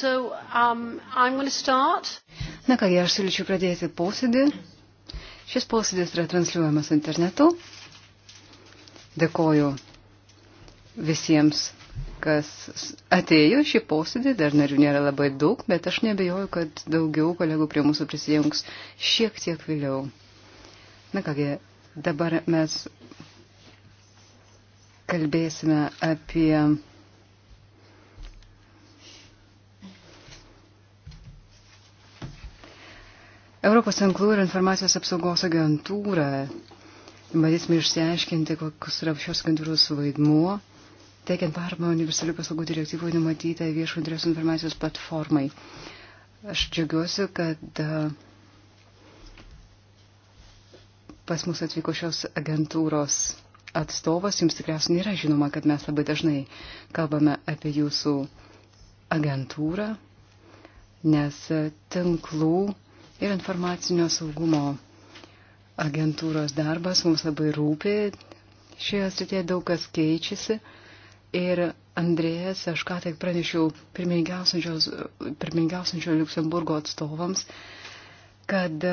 So, um, Na kągi, aš siūlyčiau pradėti posėdį. Šis posėdis yra transliuojamas internetu. Dėkoju visiems, kas atėjo šį posėdį. Dar narių nėra labai daug, bet aš nebejoju, kad daugiau kolegų prie mūsų prisijungs šiek tiek vėliau. Na kągi, dabar mes kalbėsime apie Europos tinklų ir informacijos apsaugos agentūra. Bandysime išsiaiškinti, koks yra šios agentūros vaidmuo, teikiant paramą universalių paslaugų direktyvoje numatytą viešo interesų informacijos platformai. Aš džiaugiuosi, kad e, pas mus atvyko šios agentūros atstovas. Jums tikriausiai nėra žinoma, kad mes labai dažnai kalbame apie jūsų agentūrą, nes tinklų ir informacinio saugumo agentūros darbas mums labai rūpi. Šioje srityje daug kas keičiasi. Ir Andrėjas, aš ką tik pranešiau pirmingiausiančio Luxemburgo atstovams, kad e,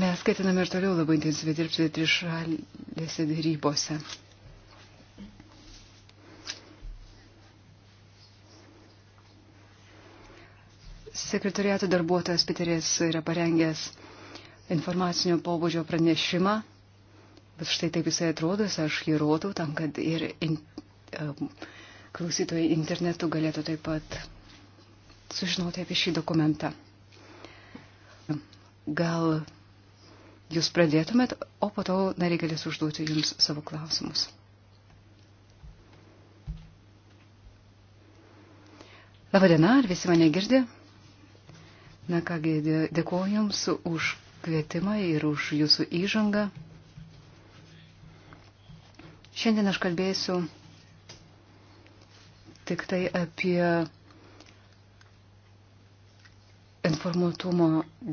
mes ketiname ir toliau labai intensyviai dirbti trišalėse dėrybose. Sekretariato darbuotojas Piteris yra parengęs informacinio pobūdžio pranešimą, bet štai taip jisai atrodo, aš jį rodau tam, kad ir in, klausytojai internetu galėtų taip pat sužinoti apie šį dokumentą. Gal jūs pradėtumėt, o po to nariai galės užduoti jums savo klausimus. Labadiena, ar visi mane girdė? Na kągi, dėkuoju Jums už kvietimą ir už Jūsų įžangą. Šiandien aš kalbėsiu tik tai apie informuotumo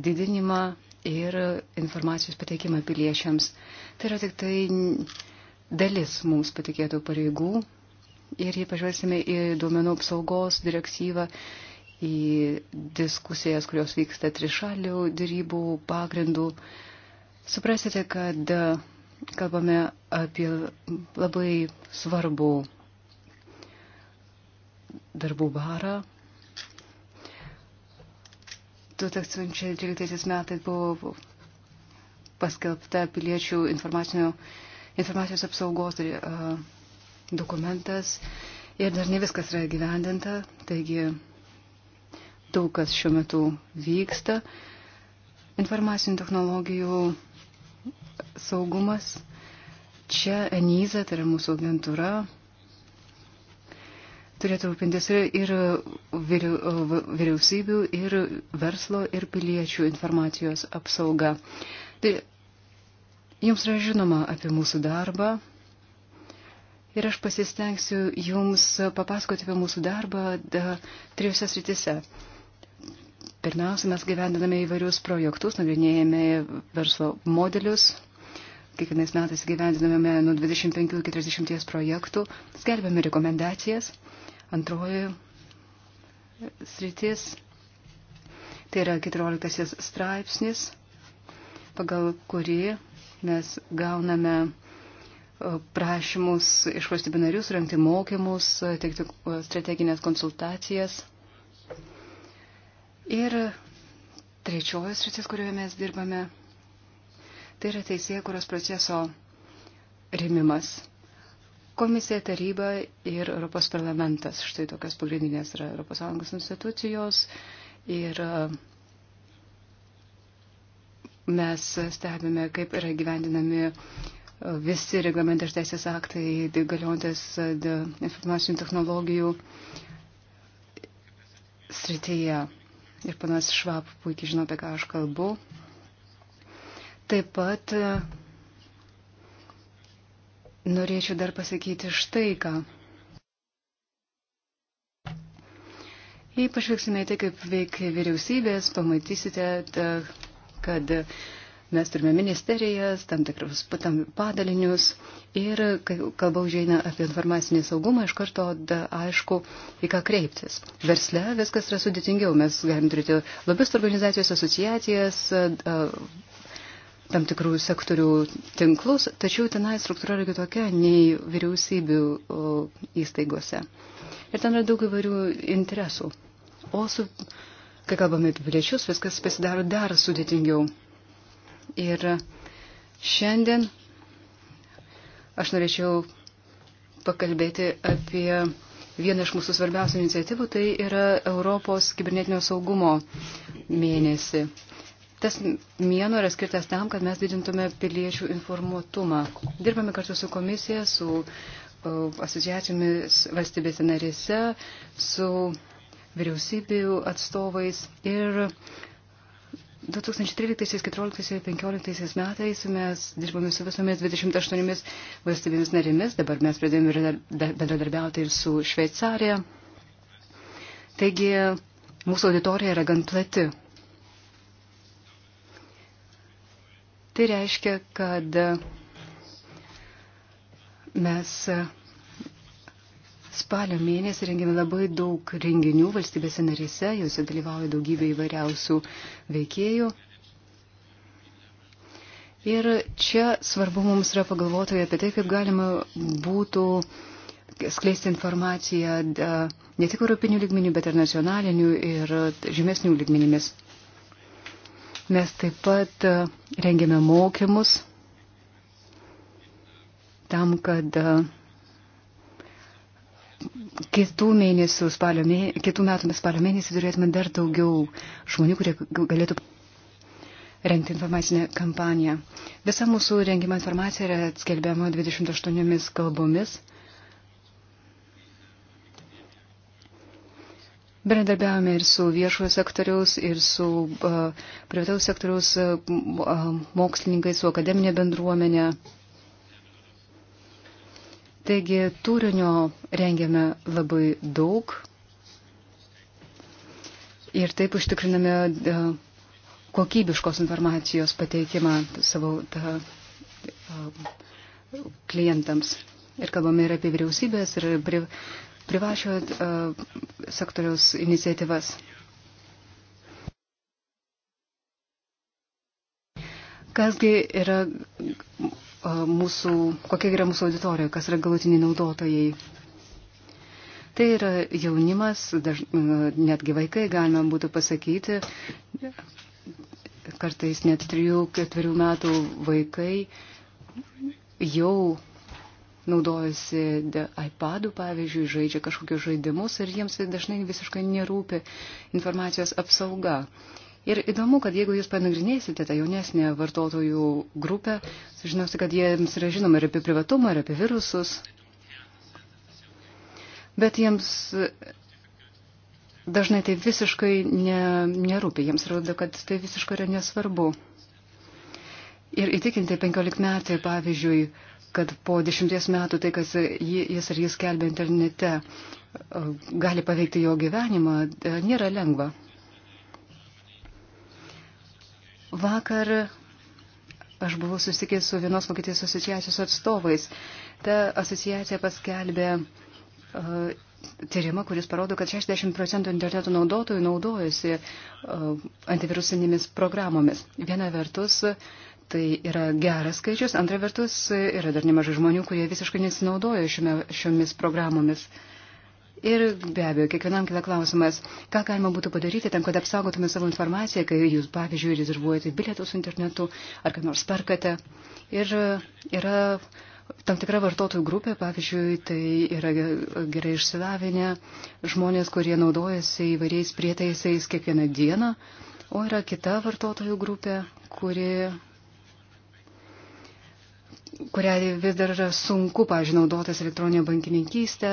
didinimą ir informacijos pateikimą piliečiams. Tai yra tik tai dalis mums patikėtų pareigų. Ir jei pažvelgsime į duomenų apsaugos direktyvą į diskusijas, kurios vyksta trišalių dėrybų pagrindų. Suprasite, kad e, kalbame apie labai svarbų darbų barą. 2013 metais buvo paskelbta piliečių informacijos apsaugos e, dokumentas ir dar ne viskas yra gyvendinta, taigi daug kas šiuo metu vyksta. Informacinių technologijų saugumas. Čia Enyza, tai yra mūsų agentūra, turėtų rūpintis ir vyriausybių, ir verslo, ir piliečių informacijos apsauga. Tai jums yra žinoma apie mūsų darbą ir aš pasistengsiu jums papasakoti apie mūsų darbą da, trijose sritise. Pirmiausia, mes gyvendiname įvairius projektus, nagrinėjame verslo modelius, kiekvienais metais gyvendiname nuo 25 iki 30 projektų, skelbiame rekomendacijas. Antroji sritis, tai yra 14 straipsnis, pagal kurį mes gauname e, prašymus iš valstybių narių surinkti mokymus, teikti strateginės konsultacijas. Ir trečiojas rytis, kurioje mes dirbame, tai yra teisėjų, kurios proceso rėmimas. Komisija, taryba ir Europos parlamentas. Štai tokios pagrindinės yra ES institucijos. Ir e, mes stebime, kaip yra gyvendinami e, visi reglamentai ir teisės aktai, tai galiojantis e, informacinių technologijų srityje ir panas Švab puikiai žino, apie ką aš kalbu. Taip pat e, norėčiau dar pasakyti štai ką. Jei pažvelgsime į tai, kaip veikia vyriausybės, pamatysite, e, kad Mes turime ministerijas, tam tikrus tam padalinius ir, kai kalba užeina apie informacinį saugumą, iš karto da, aišku, į ką kreiptis. Versle viskas yra sudėtingiau. Mes galim turėti lobistų organizacijos, asociacijas, tam tikrų sektorių tinklus, tačiau tenai struktūra yra kitokia nei vyriausybių įstaigose. Ir ten yra daug įvairių interesų. O su, kai kalbame apie piliečius, viskas pasidaro dar sudėtingiau. Ir šiandien aš norėčiau pakalbėti apie vieną iš mūsų svarbiausių iniciatyvų, tai yra Europos kibernetinio saugumo mėnesį. Tas mėnuo yra skirtas tam, kad mes didintume piliečių informuotumą. Dirbame kartu su komisija, su asociacijomis valstybėse narėse, su vyriausybių atstovais ir 2013-2014-2015 metais mes dirbame su visomis 28 valstybėmis narėmis, dabar mes pradėjome bendradarbiauti ir su Šveicarija. Taigi mūsų auditorija yra gan plati. Tai reiškia, kad mes Spalio mėnesį rengėme labai daug renginių valstybėse narėse, juose dalyvauja daugybė įvairiausių veikėjų. Ir čia svarbu mums yra pagalvoti apie tai, kaip galima būtų skleisti informaciją e, ne tik europinių lygmenių, bet ir nacionalinių ir žemesnių lygmenimis. Mes taip pat e, rengiame mokymus tam, kad e, kitų, mėnesių, spalio, mė... kitų metų spalio mėnesį turėtume dar daugiau žmonių, kurie galėtų rengti informacinę kampaniją. Visa mūsų rengima informacija yra skelbiama 28 kalbomis. Bendradarbiavome ir su viešojo sektoriaus, ir su uh, privataus sektoriaus uh, uh mokslininkais, su akademinė bendruomenė. Uh, Taigi turinio rengiame labai daug ir taip užtikriname e, kokybiškos informacijos pateikimą savo ta, e, e, klientams. Ir kalbame ir apie vyriausybės, ir pri, privašio sektoriaus iniciatyvas. Kasgi yra mūsų, kokia yra mūsų auditorija, kas yra galutiniai naudotojai. Tai yra jaunimas, daž, netgi vaikai, galima būtų pasakyti, kartais net 3-4 metų vaikai jau naudojasi iPadų, pavyzdžiui, žaidžia kažkokius žaidimus ir jiems dažnai visiškai nerūpi informacijos apsauga. Uh, Ir įdomu, kad jeigu jūs panagrinėsite tą jaunesnę vartotojų grupę, sužinosite, kad jiems yra žinoma ir apie privatumą, ir apie virusus. Bet jiems dažnai tai visiškai ne, nerūpi, jiems rodo, kad tai visiškai yra nesvarbu. Ir įtikinti 15 metai, pavyzdžiui, kad po dešimties metų tai, kas jis ar jis kelbė internete, gali paveikti jo gyvenimą, nėra lengva. Vakar aš buvau susitikęs su vienos Vokietijos asociacijos atstovais. Ta asociacija paskelbė uh, tyrimą, kuris parodo, kad 60 procentų interneto naudotojų naudojasi uh, e, antivirusinėmis programomis. Viena vertus, tai yra geras skaičius, antra vertus, yra dar nemažai žmonių, kurie visiškai nesinaudoja šiomis programomis. Uh, Ir be abejo, kiekvienam kila klausimas, ką galima būtų padaryti tam, kad apsaugotume savo informaciją, kai jūs, pavyzdžiui, rezervuojate bilietus internetu ar ką nors perkate. Ir yra tam tikra vartotojų grupė, pavyzdžiui, tai yra gerai išsilavinę žmonės, kurie naudojasi įvairiais prietaisais kiekvieną dieną, o yra kita vartotojų grupė, kuri kurią vis dar yra sunku, pažiūrėjau, naudotis elektroninė bankininkystė,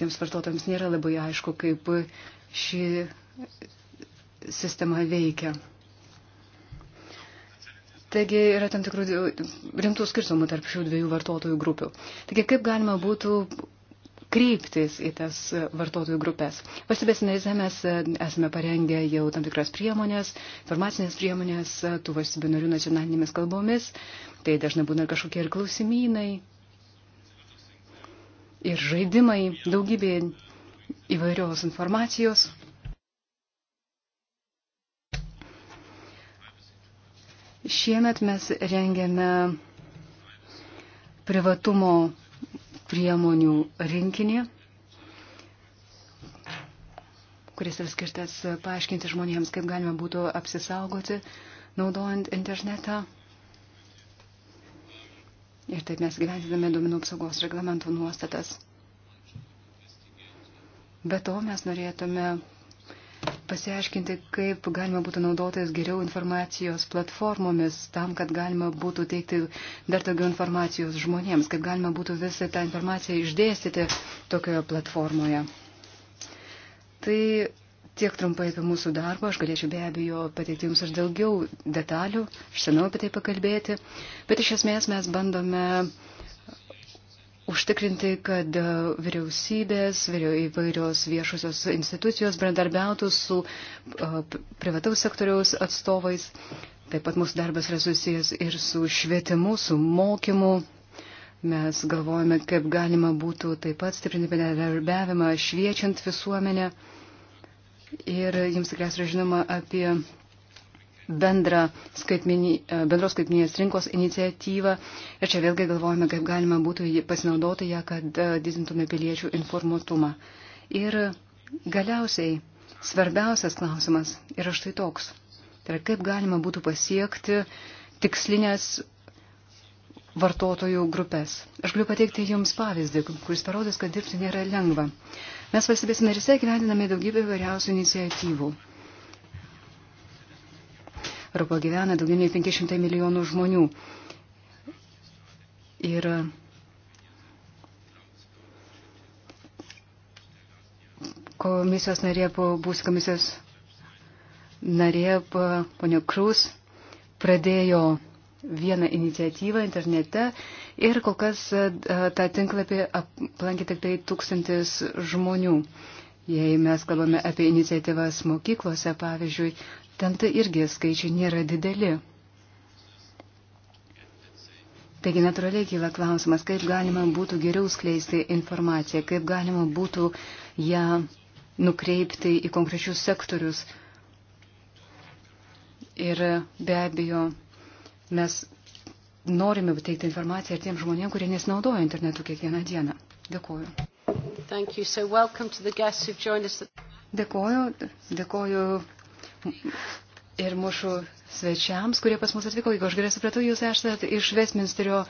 tiems vartotojams nėra labai aišku, kaip ši sistema veikia. Taigi yra tam tikrų rimtų skirtumų tarp šių dviejų vartotojų grupių. Taigi kaip galima būtų kreiptis į tas vartotojų grupės. Valstybės narėse mes esame parengę jau tam tikras priemonės, informacinės priemonės tų valstybių narių nacionalinėmis kalbomis. Tai dažnai būna kažkokie ir klausimynai, ir žaidimai, daugybė įvairios informacijos. Šiemet mes rengiame privatumo priemonių rinkinį, kuris yra skirtas paaiškinti žmonėms, kaip galima būtų apsisaugoti naudojant internetą. Ir taip mes gyventiname duomenų apsaugos reglamento nuostatas. Be to mes norėtume pasiaiškinti, kaip galima būtų naudotis geriau informacijos platformomis, tam, kad galima būtų teikti dar daugiau informacijos žmonėms, kaip galima būtų visą tą informaciją išdėstyti tokioje platformoje. Tai Tiek trumpai apie mūsų darbą, aš galėčiau be abejo pateikti Jums ir daugiau detalių, išsameu apie tai pakalbėti, bet iš esmės mes bandome užtikrinti, kad vyriausybės, įvairios viešosios institucijos bendarbiautų su privataus sektoriaus atstovais. Taip pat mūsų darbas yra susijęs ir su švietimu, su mokymu. Mes galvojame, kaip galima būtų taip pat stiprinti bendradarbiavimą, šviečiant visuomenę ir jums tikriausiai yra žinoma apie bendrą skaitminį, e, bendros skaitminės rinkos iniciatyvą. Ir čia vėlgi galvojame, kaip galima būtų pasinaudoti ją, kad e, didintume piliečių informuotumą. Ir galiausiai svarbiausias klausimas yra štai toks. Tai yra, kaip galima būtų pasiekti tikslinės vartotojų grupės. Aš galiu pateikti Jums pavyzdį, kuris parodys, kad dirbti nėra lengva. Mes valstybės narise gyvendiname daugybę įvairiausių iniciatyvų. Europoje gyvena daugiau nei 500 milijonų žmonių. Ir komisijos narė, būsų komisijos narė, ponia Krus, pradėjo vieną iniciatyvą internete ir kol kas e, tą tinklapį aplankė tik tai tūkstantis žmonių. Jei mes kalbame apie iniciatyvas mokyklose, pavyzdžiui, ten tai irgi skaičiai nėra dideli. Taigi natūraliai kyla klausimas, kaip galima būtų geriau skleisti informaciją, kaip galima būtų ją nukreipti į konkrečius sektorius. Ir be abejo, Mes norime teikti informaciją ir tiem žmonėm, kurie nesinaudoja internetu kiekvieną dieną. Dėkuoju. So dėkuoju, dėkuoju ir mūsų svečiams, kurie pas mus atvyko. Jeigu aš gerai supratau, jūs esate iš Westminsterio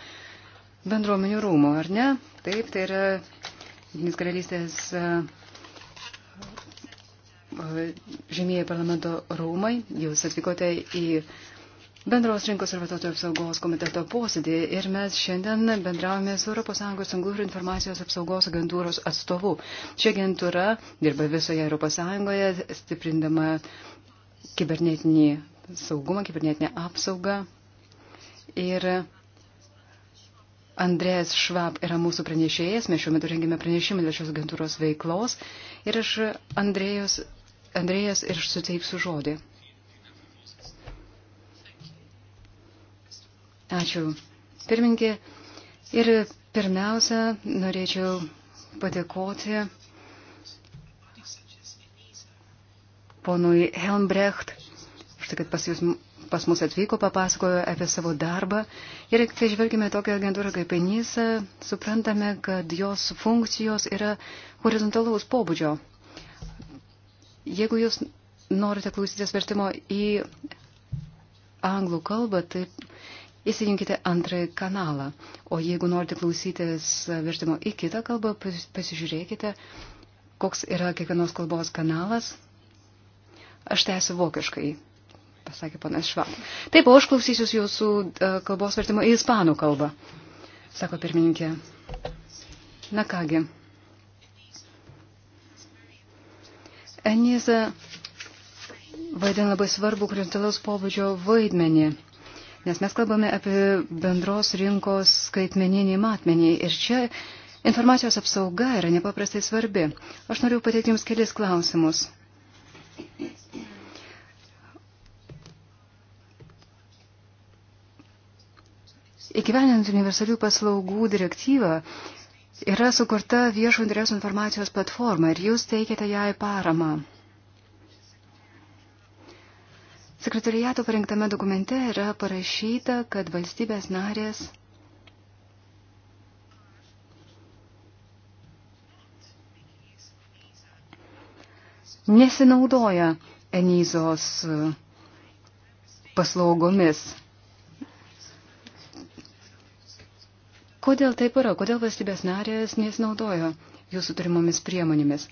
bendruomenių rūmų, ar ne? Taip, tai yra Jungtinės karalystės e, e, žemieji parlamento rūmai. Jūs atvykote į bendros rinkos ir vartotojų apsaugos komiteto posėdį ir mes šiandien bendravome su ES tinklų ir informacijos apsaugos agentūros atstovu. Ši agentūra dirba visoje ES, stiprindama kibernetinį saugumą, kibernetinę apsaugą. Ir Andrės Švab yra mūsų pranešėjas, mes šiuo metu rengime pranešimą dėl šios agentūros veiklos ir aš Andrėjus, Andrėjas ir suteiksiu žodį. Ačiū, pirmininkė. Ir pirmiausia, norėčiau padėkoti ponui Helmbrecht, štai kad pas, jūs, pas mus atvyko, papasakojo apie savo darbą. Ir kai žvelgime tokią agentūrą kaip Enisa, suprantame, kad jos funkcijos yra horizontalaus pobūdžio. Jeigu jūs norite klausytis vertimo į anglų kalbą, tai įsijunkite antrąjį kanalą. O jeigu norite klausytis vertimo į kitą kalbą, pasižiūrėkite, koks yra kiekvienos kalbos kanalas. Aš tęsiu tai vokiškai, pasakė ponas Švab. Taip, o aš klausysiu jūsų e, kalbos vertimo į ispanų kalbą, sako pirmininkė. Na kągi. Eniza vaidina labai svarbu horizontalaus pobūdžio vaidmenį nes mes kalbame apie bendros rinkos skaitmeninį matmenį ir čia informacijos apsauga yra nepaprastai svarbi. Aš noriu pateikti Jums kelis klausimus. Įgyvenant universalių paslaugų direktyvą yra sukurta viešo interesų informacijos platforma ir jūs teikiate jai paramą. Sekretariato parengtame dokumente yra parašyta, kad valstybės narės nesinaudoja Enizos paslaugomis. Kodėl taip yra? Kodėl valstybės narės nesinaudojo jūsų turimomis priemonėmis?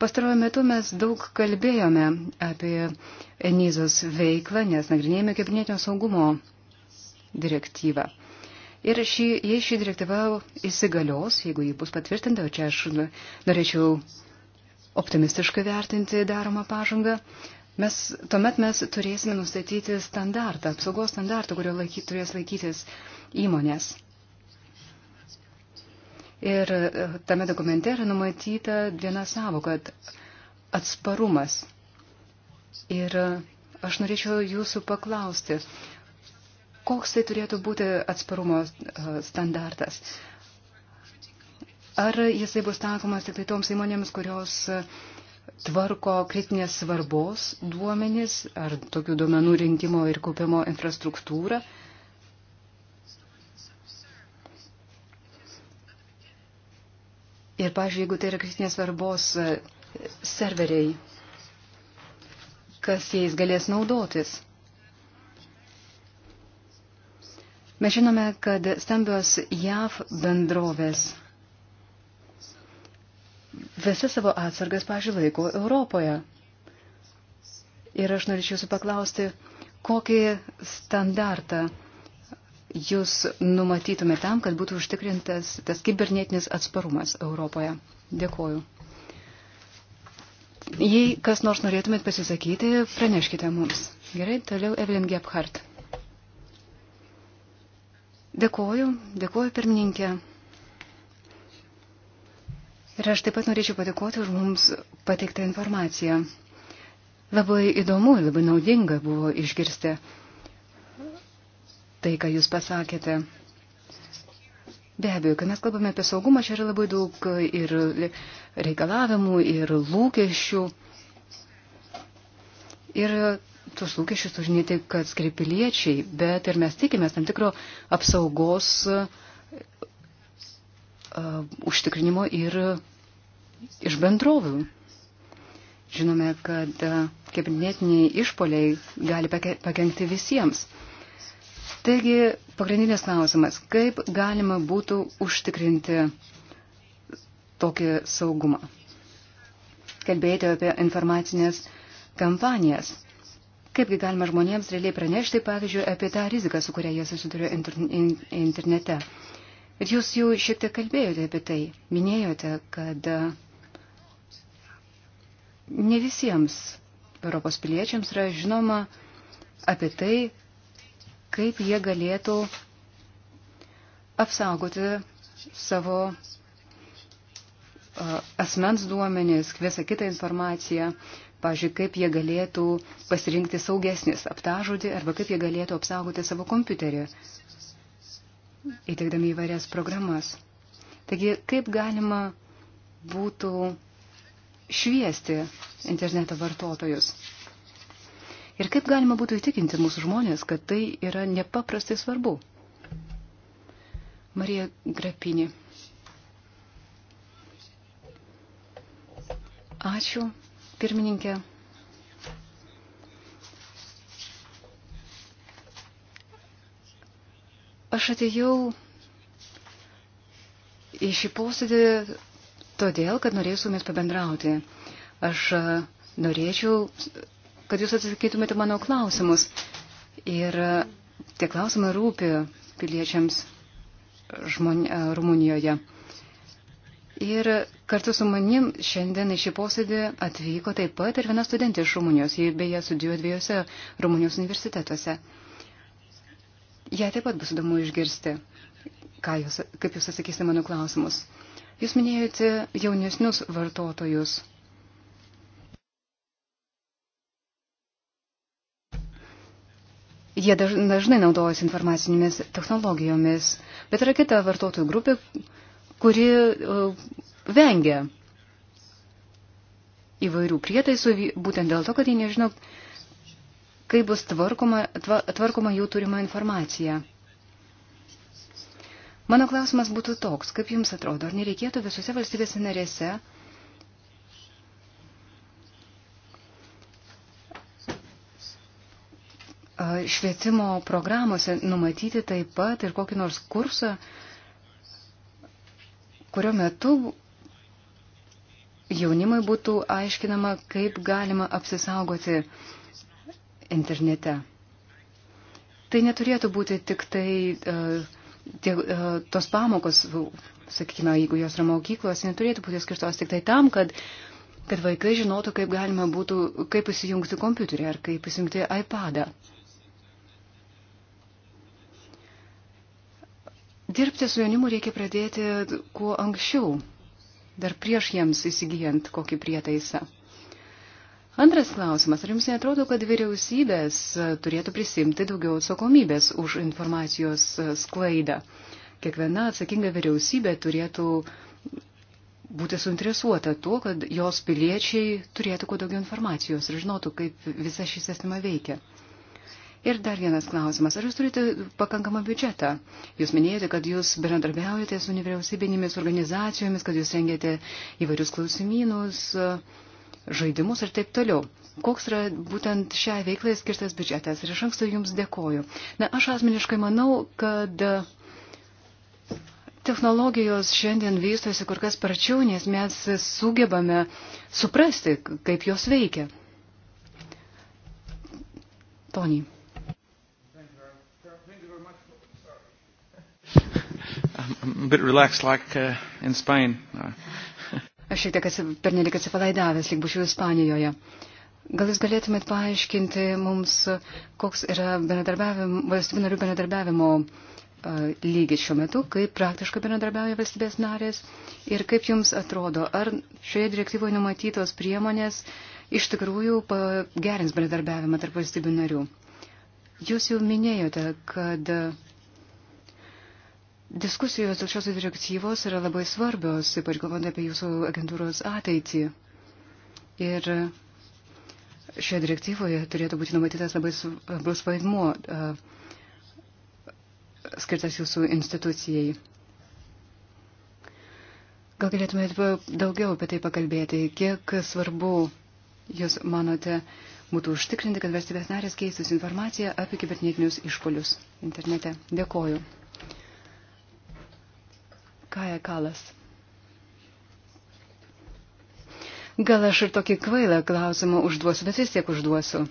Pastaruoju metu mes daug kalbėjome apie Enizos veiklą, nes nagrinėjame kibernetinio saugumo direktyvą. Ir šį, jei ši direktyva įsigalios, jeigu ji bus patvirtinta, o čia aš norėčiau optimistiškai vertinti daromą pažangą, mes, tuomet mes turėsime nustatyti standartą, apsaugos standartą, kurio laiky, turės laikytis įmonės. Ir e, tame dokumente yra numatyta viena savo, kad atsparumas. Ir e, aš norėčiau jūsų paklausti, koks tai turėtų būti atsparumo e, standartas? Ar jisai bus takomas tik tai toms įmonėms, kurios tvarko kritinės svarbos duomenys ar tokių duomenų rinkimo ir kaupimo infrastruktūrą? Ir, pažiūrėjau, jeigu tai yra kritinės svarbos e, serveriai, kas jais galės naudotis? Mes žinome, kad stambios JAV bendrovės visą savo atsargas, pažiūrėjau, laiko Europoje. Ir aš norėčiau jūsų paklausti, kokį standartą jūs numatytumėte tam, kad būtų užtikrintas tas kibernetinis atsparumas Europoje? Dėkoju. Jei kas nors norėtumėt pasisakyti, praneškite mums. Gerai, toliau Evelyn Gebhardt. Dėkoju, dėkoju pirmininkė. Ir aš taip pat norėčiau padėkoti už mums pateiktą informaciją. Labai įdomu ir labai naudinga buvo išgirsti tai, ką Jūs pasakėte. Be abejo, kai mes kalbame apie saugumą, čia yra labai daug ir reikalavimų, ir lūkesčių. Ir tuos lūkesčius užne tik atskiri piliečiai, bet ir mes tikimės tam tikro apsaugos uh, užtikrinimo ir iš bendrovių. Žinome, kad uh, kibernetiniai išpoliai gali pake, pakengti visiems. Uh, Taigi, pagrindinės klausimas, kaip galima būtų užtikrinti tokį saugumą? Kalbėjote apie informacinės kampanijas. Kaipgi galima žmonėms realiai pranešti, pavyzdžiui, apie tą riziką, su kuria jie susiduria internete. Ir jūs jau šiek tiek kalbėjote apie tai. Minėjote, kad ne visiems Europos piliečiams yra žinoma apie tai, kaip jie galėtų apsaugoti savo asmens duomenis, visą kitą informaciją, pažiūrėk, kaip jie galėtų pasirinkti saugesnis aptažodį arba kaip jie galėtų apsaugoti savo kompiuterį, įteikdami įvairias programas. Taigi, kaip galima būtų šviesti interneto vartotojus. Ir kaip galima būtų įtikinti mūsų žmonės, kad tai yra nepaprastai svarbu? Marija Grapinė. Ačiū, pirmininkė. Aš atėjau į šį posėdį todėl, kad norėsiu jumis pabendrauti. Aš norėčiau kad jūs atsakytumėte mano klausimus. Ir e, tie klausimai rūpi piliečiams žmon, e, Rumunijoje. Ir kartu su manim šiandien į šį posėdį atvyko taip pat ir viena studentė iš Rumunijos. Ji beje studijuoja dviejose Rumunijos universitetuose. Jie taip pat bus įdomu išgirsti, jūs, kaip jūs atsakysite mano klausimus. Jūs minėjote jaunesnius vartotojus Jie dažnai naudojasi informacinėmis technologijomis, bet yra kita vartotojų grupė, kuri uh, vengia įvairių prietaisų, būtent dėl to, kad jie nežino, kaip bus tvarkoma, tva, tvarkoma jų turima informacija. Mano klausimas būtų toks, kaip jums atrodo, ar nereikėtų visose valstybėse narėse uh, švietimo programuose numatyti taip pat ir kokį nors kursą, kurio metu jaunimui būtų aiškinama, kaip galima apsisaugoti internete. Tai neturėtų būti tik tai tie, tos pamokos, sakykime, jeigu jos yra mokyklos, neturėtų būti skirtos tik tai tam, kad, kad vaikai žinotų, kaip galima būtų, kaip įsijungti kompiuterį ar kaip įsijungti iPadą. Dirbti su jaunimu reikia pradėti kuo anksčiau, dar prieš jiems įsigijant kokį prietaisą. Antras klausimas, ar jums netrodo, kad vyriausybės turėtų prisimti daugiau atsakomybės už informacijos sklaidą? Kiekviena atsakinga vyriausybė turėtų būti suinteresuota tuo, kad jos piliečiai turėtų kuo daugiau informacijos ir žinotų, kaip visa ši sistema veikia. Ir dar vienas klausimas. Ar jūs turite pakankamą biudžetą? Jūs minėjote, kad jūs bendradarbiaujate su nevyriausybinėmis organizacijomis, kad jūs rengiate įvairius klausimynus, žaidimus ir taip toliau. Koks yra būtent šiai veiklai skirtas biudžetas? Ir iš anksto jums dėkoju. Na, aš asmeniškai manau, kad technologijos šiandien vystosi kur kas sparčiau, nes mes sugebame suprasti, kaip jos veikia. Tony. I'm a bit relaxed like uh, in Spain. No. Aš šiek tiek pernelik atsipalaidavęs, lyg būčiau Ispanijoje. Gal jūs galėtumėt paaiškinti mums, koks yra valstybių narių bendradarbiavimo lygis šiuo metu, kaip praktiškai bendradarbiauja valstybės narės ir kaip jums atrodo, ar šioje direktyvoje numatytos priemonės iš tikrųjų pagerins bendradarbiavimą tarp valstybių narių. Jūs jau minėjote, kad Diskusijos dėl šios direktyvos yra labai svarbios, ypač galvojant apie jūsų agentūros ateitį. Ir šioje direktyvoje turėtų būti numatytas labai svarbus vaidmuo skirtas jūsų institucijai. Gal galėtumėte daugiau apie tai pakalbėti, kiek svarbu jūs manote būtų užtikrinti, kad valstybės narės keistus informaciją apie kibernetinius išpolius internete. Dėkoju. Kaja Kalas. Gal aš ir tokį kvailą klausimą užduosiu, bet vis tiek užduosiu.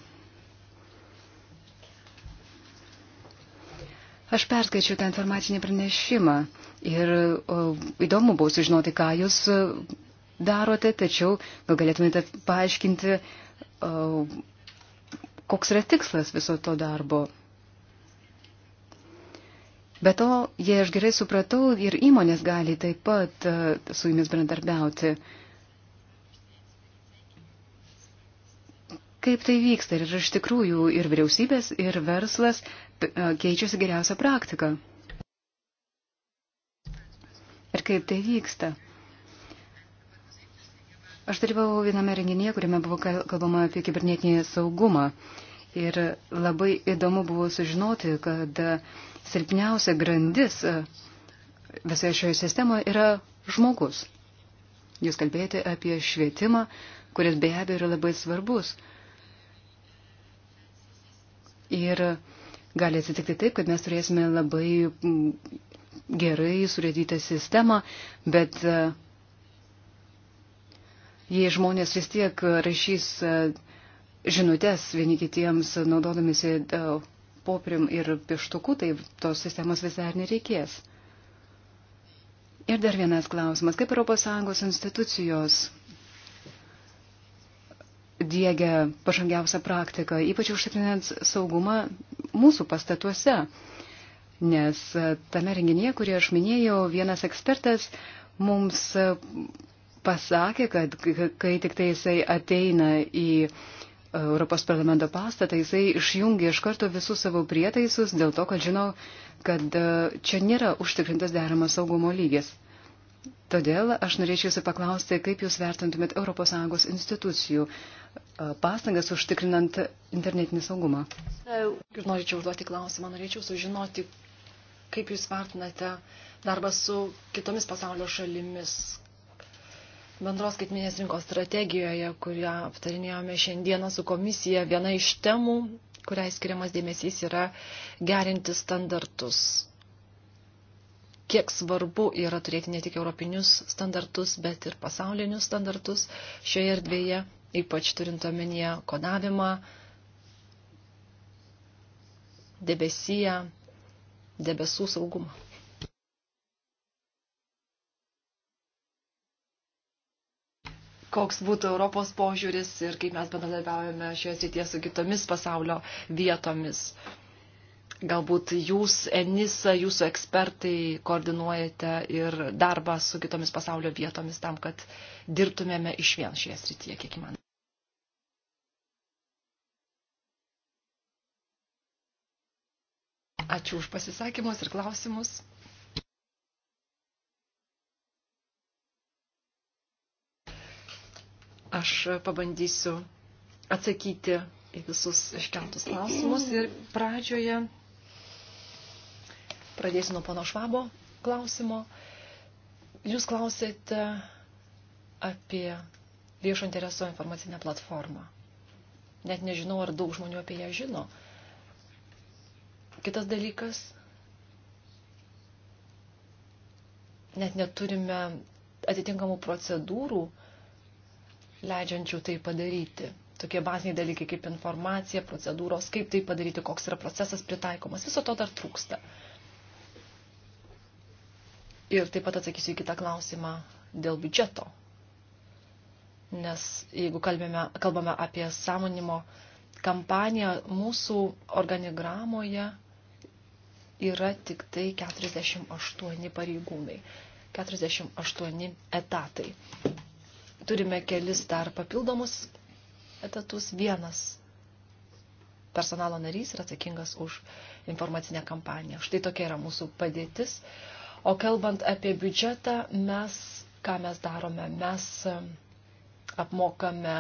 Aš perskaičiau tą informacinį pranešimą ir o, įdomu buvo sužinoti, ką jūs darote, tačiau gal galėtumėte paaiškinti, o, koks yra tikslas viso to darbo. Be to, jei aš gerai supratau, ir įmonės gali taip pat e, su jumis bendradarbiauti. Kaip tai vyksta ir iš tikrųjų ir vyriausybės, ir verslas e, keičiasi geriausią praktiką. Ir kaip tai vyksta. Aš dalyvavau viename renginėje, kuriame buvo kalbama apie kibernetinį saugumą. Ir labai įdomu buvo sužinoti, kad uh, silpniausia grandis e, visoje šioje sistemoje yra žmogus. Jūs kalbėjote apie švietimą, kuris be abejo yra labai svarbus. Ir gali atsitikti taip, kad mes turėsime labai gerai surėdytą sistemą, bet e, jei žmonės vis tiek rašys e, žinutės vieni kitiems naudodamėsi poprim ir pieštuku, tai tos sistemos visai ir nereikės. Ir dar vienas klausimas. Kaip ES institucijos dėgia pažangiausią praktiką, ypač užtikrinant saugumą mūsų pastatuose? Nes tame renginėje, kurį aš minėjau, vienas ekspertas mums pasakė, kad kai tik tai jisai ateina į Europos parlamento pastatą, jisai išjungė iš karto visus savo prietaisus dėl to, kad žino, kad e, čia nėra užtikrintas deramas saugumo lygis. Todėl aš norėčiau jūsų paklausti, kaip jūs vertintumėt ES institucijų e, pastangas užtikrinant internetinį saugumą. Ir norėčiau užduoti klausimą, norėčiau sužinoti, kaip jūs vertinate darbą su kitomis pasaulio šalimis, Bendros skaitminės rinkos strategijoje, kurią aptarinėjome šiandieną su komisija, viena iš temų, kuriai skiriamas dėmesys yra gerinti standartus. Kiek svarbu yra turėti ne tik europinius standartus, bet ir pasaulinius standartus šioje erdvėje, ypač turint omenyje kodavimą, debesiją, debesų saugumą. koks būtų Europos požiūris ir kaip mes bendradarbiaujame šioje srityje su kitomis pasaulio vietomis. Galbūt jūs, Enisa, jūsų ekspertai koordinuojate ir darbą su kitomis pasaulio vietomis tam, kad dirbtumėme iš vien šioje srityje, kiek įmanoma. Ačiū už pasisakymus ir klausimus. Aš pabandysiu atsakyti į visus iškeltus klausimus ir pradžioje pradėsiu nuo pono Švabo klausimo. Jūs klausėte apie viešo intereso informacinę platformą. Net nežinau, ar daug žmonių apie ją žino. Kitas dalykas, net neturime atitinkamų procedūrų, leidžiančių tai padaryti. Tokie baziniai dalykai kaip informacija, procedūros, kaip tai padaryti, koks yra procesas pritaikomas, viso to dar trūksta. Ir taip pat atsakysiu į kitą klausimą dėl biudžeto. Nes jeigu kalbame, kalbame apie sąmonimo kampaniją, mūsų organigramoje yra tik tai 48 pareigūnai, 48 etatai turime kelis dar papildomus etatus. Vienas personalo narys yra atsakingas už informacinę kampaniją. Štai tokia yra mūsų padėtis. O kalbant apie biudžetą, mes, ką mes darome, mes apmokame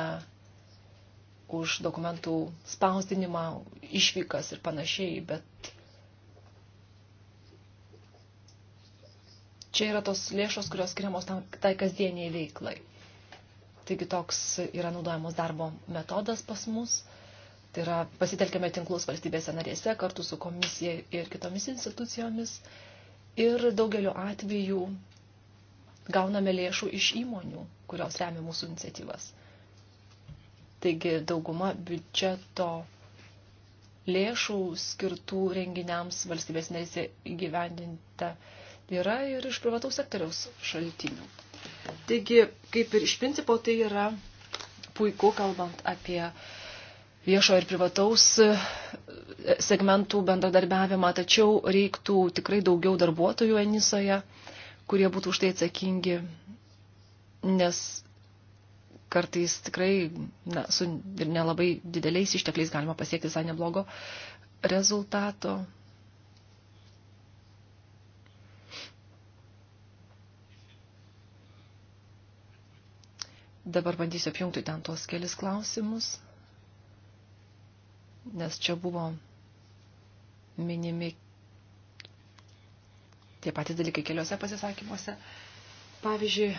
už dokumentų spausdinimą, išvykas ir panašiai, bet čia yra tos lėšos, kurios skiriamos tam, tai kasdieniai veiklai. Taigi toks yra naudojamos darbo metodas pas mus. Tai yra pasitelkiame tinklus valstybėse narėse kartu su komisija ir kitomis institucijomis. Ir daugeliu atveju gauname lėšų iš įmonių, kurios remia mūsų iniciatyvas. Taigi dauguma biudžeto lėšų skirtų renginiams valstybės narėse įgyvendinta yra ir iš privataus sektoriaus šaltinių. Taigi, kaip ir iš principo, tai yra puiku, kalbant apie viešo ir privataus e, segmentų bendradarbiavimą, tačiau reiktų tikrai daugiau darbuotojų Enisoje, kurie būtų už tai atsakingi, nes kartais tikrai na, su ir nelabai dideliais ištekliais galima pasiekti visai neblogo rezultato. Dabar bandysiu apjungti ten tuos kelis klausimus, nes čia buvo minimi tie patys dalykai keliuose pasisakymuose. Pavyzdžiui,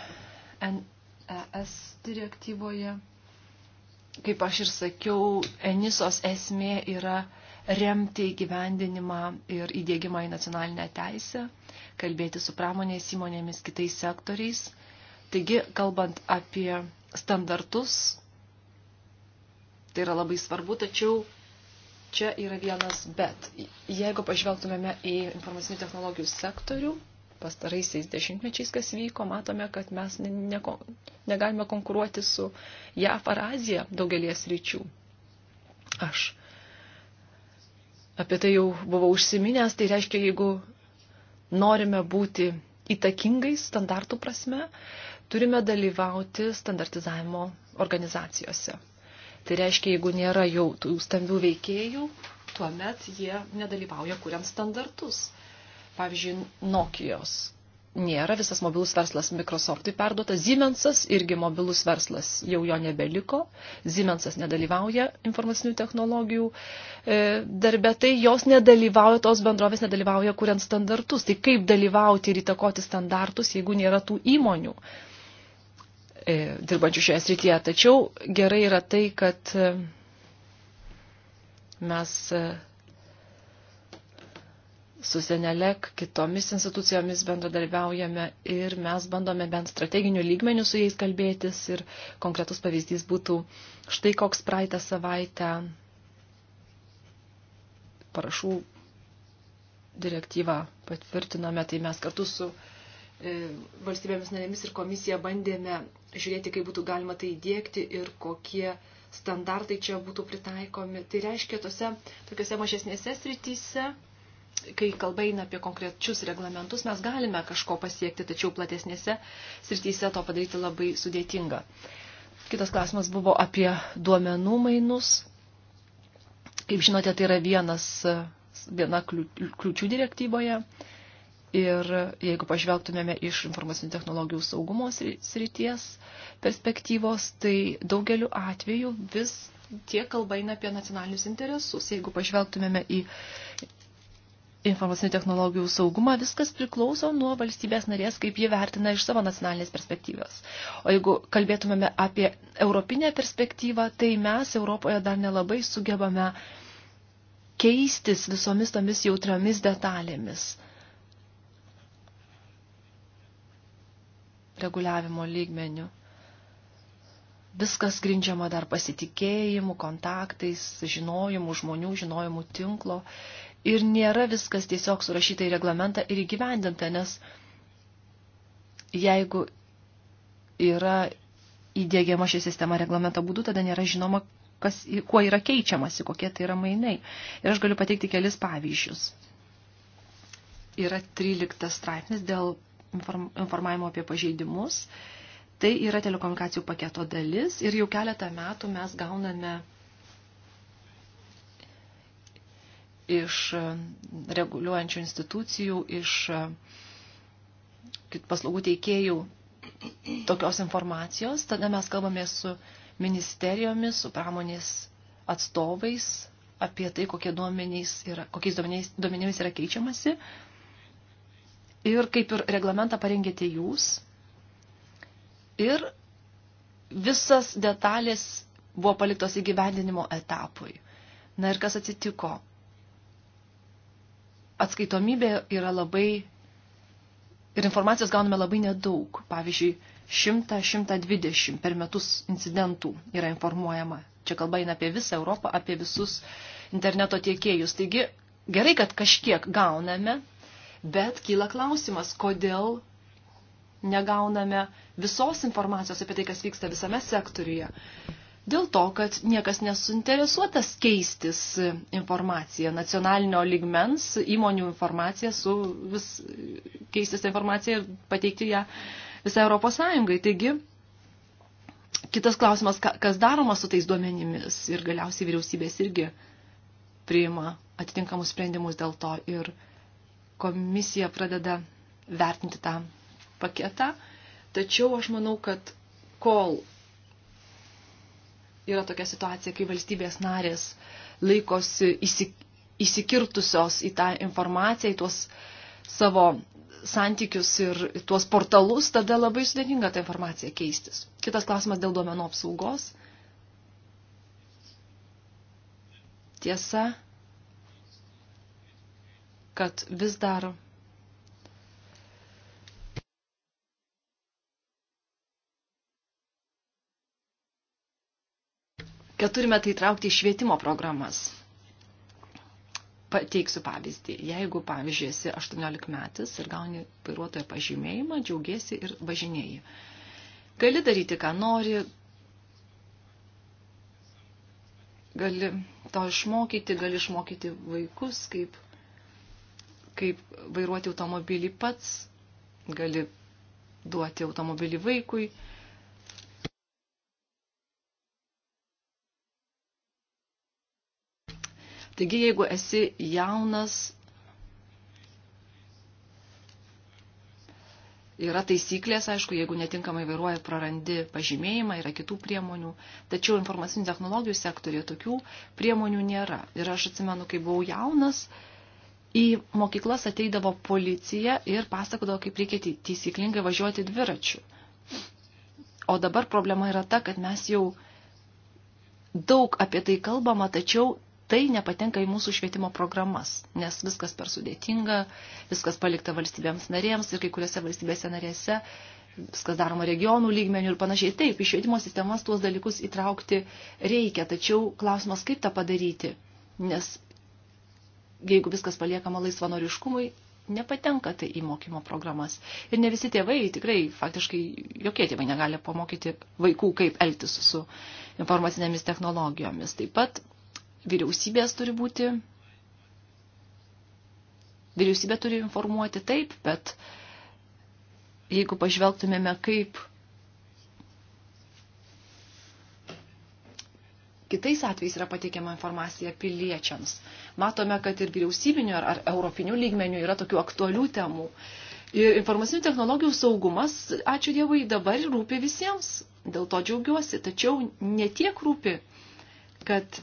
NES direktyvoje, kaip aš ir sakiau, Enisos esmė yra remti įgyvendinimą ir įdėgymą į nacionalinę teisę, kalbėti su pramonės įmonėmis kitais sektoriais. Taigi, kalbant apie standartus. Tai yra labai svarbu, tačiau čia yra vienas bet. Jeigu pažvelgtumėme į informacinių technologijų sektorių, pastaraisiais dešimtmečiais, kas vyko, matome, kad mes ne, ne, negalime konkuruoti su JAF ar Azija daugelies ryčių. Aš apie tai jau buvau užsiminęs, tai reiškia, jeigu norime būti įtakingais standartų prasme, turime dalyvauti standartizavimo organizacijose. Tai reiškia, jeigu nėra jau tų stambių veikėjų, tuomet jie nedalyvauja kuriant standartus. Pavyzdžiui, Nokijos nėra, visas mobilus verslas Microsoftui perduotas, Siemensas irgi mobilus verslas jau jo nebeliko, Siemensas nedalyvauja informacinių technologijų e, darbe, tai jos nedalyvauja, tos bendrovės nedalyvauja kuriant standartus. Tai kaip dalyvauti ir įtakoti standartus, jeigu nėra tų įmonių? E, dirbančių šioje srityje. Tačiau gerai yra tai, kad e, mes e, su Senelek kitomis institucijomis bendradarbiaujame ir mes bandome bent strateginių lygmenių su jais kalbėtis ir konkretus pavyzdys būtų štai koks praeitą savaitę parašų direktyvą patvirtinome, tai mes kartu su valstybėmis narėmis ir komisija bandėme žiūrėti, kaip būtų galima tai dėkti ir kokie standartai čia būtų pritaikomi. Tai reiškia, tose tokiose mažesnėse srityse, kai kalba eina apie konkrečius reglamentus, mes galime kažko pasiekti, tačiau platesnėse srityse to padaryti labai sudėtinga. Kitas klausimas buvo apie duomenų mainus. Kaip žinote, tai yra vienas, viena kliūčių direktyboje. Uh, Ir jeigu pažvelgtumėme iš informacinių technologijų saugumo srities perspektyvos, tai daugeliu atveju vis tiek kalba eina apie nacionalinius interesus. Jeigu pažvelgtumėme į informacinių technologijų saugumą, viskas priklauso nuo valstybės narės, kaip jie vertina iš savo nacionalinės perspektyvos. O jeigu kalbėtumėme apie europinę perspektyvą, tai mes Europoje dar nelabai sugebame keistis visomis tomis jautriomis detalėmis reguliavimo lygmenių. Viskas grindžiama dar pasitikėjimu, kontaktais, žinojimu žmonių, žinojimu tinklo. Ir nėra viskas tiesiog surašyta į reglamentą ir įgyvendinta, nes jeigu yra įdėgiama ši sistema reglamento būdu, tada nėra žinoma, kas, kuo yra keičiamasi, kokie tai yra mainai. Ir aš galiu pateikti kelis pavyzdžius. Yra 13 straipsnis dėl informavimo apie pažeidimus. Tai yra telekomunikacijų paketo dalis ir jau keletą metų mes gauname iš e, reguliuojančių institucijų, iš e, paslaugų teikėjų tokios informacijos. Tada mes kalbame su ministerijomis, su pramonės atstovais apie tai, kokie duomenys yra, kokiais duomeniais, duomenimis yra keičiamasi. Uh, ir kaip ir reglamentą parengėte jūs. Ir visas detalės buvo paliktos įgyvendinimo etapui. Na ir kas atsitiko? Atskaitomybė yra labai ir informacijos gauname labai nedaug. Pavyzdžiui, 100-120 per metus incidentų yra informuojama. Čia kalba eina apie visą Europą, apie visus interneto tiekėjus. Taigi, gerai, kad kažkiek gauname Bet kyla klausimas, kodėl negauname visos informacijos apie tai, kas vyksta visame sektoriuje. Dėl to, kad niekas nesuinteresuotas keistis informaciją, nacionalinio ligmens įmonių informaciją, su vis, keistis informaciją ir pateikti ją visą Europos Sąjungai. Taigi, kitas klausimas, kas daroma su tais duomenimis ir galiausiai vyriausybės irgi priima atitinkamus sprendimus dėl to ir komisija pradeda vertinti tą paketą. Tačiau aš manau, kad kol yra tokia situacija, kai valstybės narės laikosi įsikirtusios į tą informaciją, į tuos savo santykius ir tuos portalus, tada labai sudėtinga tą informaciją keistis. Kitas klausimas dėl duomenų apsaugos. Tiesa, kad vis dar kad turime tai traukti į švietimo programas. Pateiksiu pavyzdį. Jeigu, pavyzdžiui, esi 18 metis ir gauni vairuotojo pažymėjimą, džiaugiesi ir važinėjai. Gali daryti, ką nori, gali to išmokyti, gali išmokyti vaikus, kaip kaip vairuoti automobilį pats, gali duoti automobilį vaikui. Taigi, jeigu esi jaunas, yra taisyklės, aišku, jeigu netinkamai vairuoja, prarandi pažymėjimą, yra kitų priemonių, tačiau informacinių technologijų sektorėje tokių priemonių nėra. Ir aš atsimenu, kai buvau jaunas, uh, į mokyklas ateidavo policija ir pasakodavo, kaip reikia teisyklingai važiuoti dviračiu. O dabar problema yra ta, kad mes jau daug apie tai kalbama, tačiau tai nepatenka į mūsų švietimo programas, nes viskas per sudėtinga, viskas palikta valstybėms narėms ir kai kuriuose valstybėse narėse viskas daroma regionų lygmenių ir panašiai. Taip, į švietimo sistemas tuos dalykus įtraukti reikia, tačiau klausimas, kaip tą padaryti, nes jeigu viskas paliekama laisvanoriškumui, nepatenka tai į mokymo programas. Ir ne visi tėvai, tikrai faktiškai jokie tėvai negali pamokyti vaikų, kaip elgtis su informacinėmis technologijomis. Taip pat vyriausybės turi būti, vyriausybė turi informuoti taip, bet jeigu pažvelgtumėme, kaip kitais atvejais yra pateikiama informacija piliečiams. Matome, kad ir vyriausybinių ar, ar europinių lygmenių yra tokių aktualių temų. Ir informacinių technologijų saugumas, ačiū Dievui, dabar rūpi visiems. Dėl to džiaugiuosi. Tačiau netiek rūpi, kad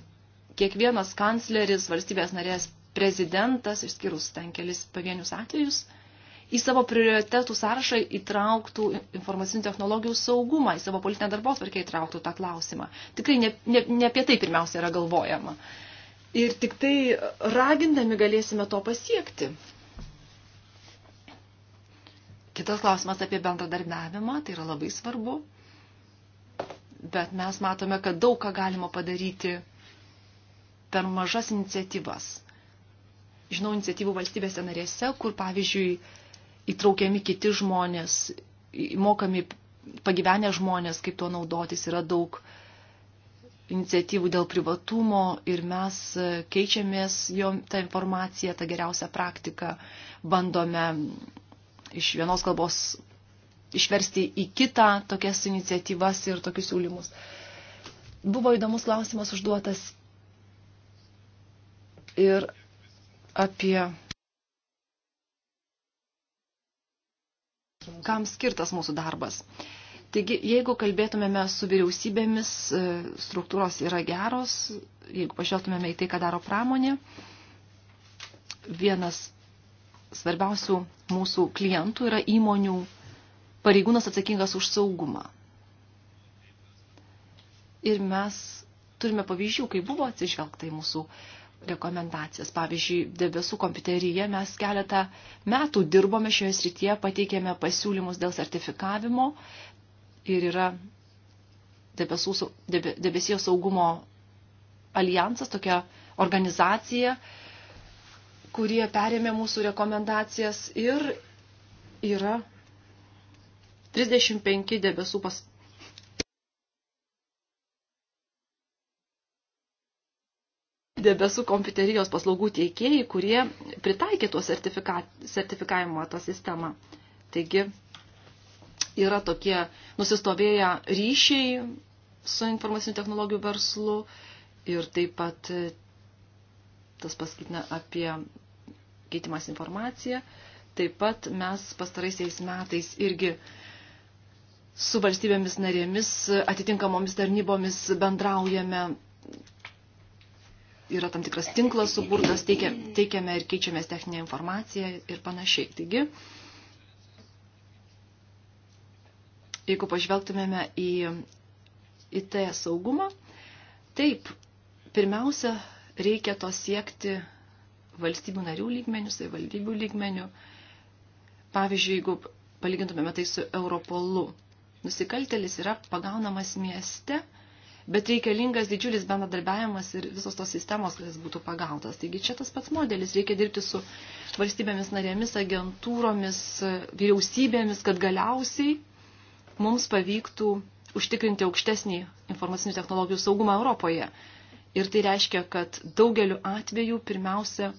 kiekvienas kancleris, valstybės narės prezidentas, išskyrus ten kelis pavienius atvejus, į savo prioritetų sąrašą įtrauktų informacinių technologijų saugumą, į savo politinę darbo tvarkę įtrauktų tą klausimą. Tikrai ne, ne, ne apie tai pirmiausia yra galvojama. Ir tik tai ragindami galėsime to pasiekti. Kitas klausimas apie bendradarbiavimą, tai yra labai svarbu. Bet mes matome, kad daug ką galima padaryti per mažas iniciatyvas. Žinau iniciatyvų valstybėse narėse, kur pavyzdžiui įtraukiami kiti žmonės, mokami pagyvenę žmonės, kaip tuo naudotis, yra daug iniciatyvų dėl privatumo ir mes keičiamės jo tą informaciją, tą geriausią praktiką, bandome iš vienos kalbos išversti į kitą tokias iniciatyvas ir tokius siūlymus. Buvo įdomus klausimas užduotas ir apie kam skirtas mūsų darbas. Taigi, jeigu kalbėtumėme su vyriausybėmis, e, struktūros yra geros, jeigu pažvelgtumėme į tai, ką daro pramonė, vienas svarbiausių mūsų klientų yra įmonių pareigūnas atsakingas už saugumą. Ir mes turime pavyzdžių, kai buvo atsižvelgta į mūsų rekomendacijas. Pavyzdžiui, debesų kompiuteryje mes keletą metų dirbome šioje srityje, pateikėme pasiūlymus dėl sertifikavimo ir yra debesų, debesijos saugumo alijansas, tokia organizacija, kurie perėmė mūsų rekomendacijas ir yra 35 debesų pas, debesų kompiuterijos paslaugų teikėjai, kurie pritaikė tuo sertifika, sertifikavimo tą sistemą. Taigi yra tokie nusistovėję ryšiai su informacinių technologijų verslu ir taip pat e, tas pasakytina apie keitimas informaciją. Taip pat mes pastaraisiais metais irgi su valstybėmis narėmis atitinkamomis tarnybomis bendraujame yra tam tikras tinklas suburtas, teikia, teikiame ir keičiamės techninę informaciją ir panašiai. Taigi, jeigu pažvelgtumėme į IT saugumą, taip, pirmiausia, reikia to siekti valstybių narių lygmenių, savivaldybių lygmenių. Pavyzdžiui, jeigu palygintumėme tai su Europolu, nusikaltelis yra pagaunamas mieste, bet reikalingas didžiulis bendradarbiavimas ir visos tos sistemos, kas būtų pagautas. Taigi čia tas pats modelis, reikia dirbti su valstybėmis narėmis, agentūromis, vyriausybėmis, kad galiausiai mums pavyktų užtikrinti aukštesnį informacinių technologijų saugumą Europoje. Ir tai reiškia, kad daugeliu atveju pirmiausia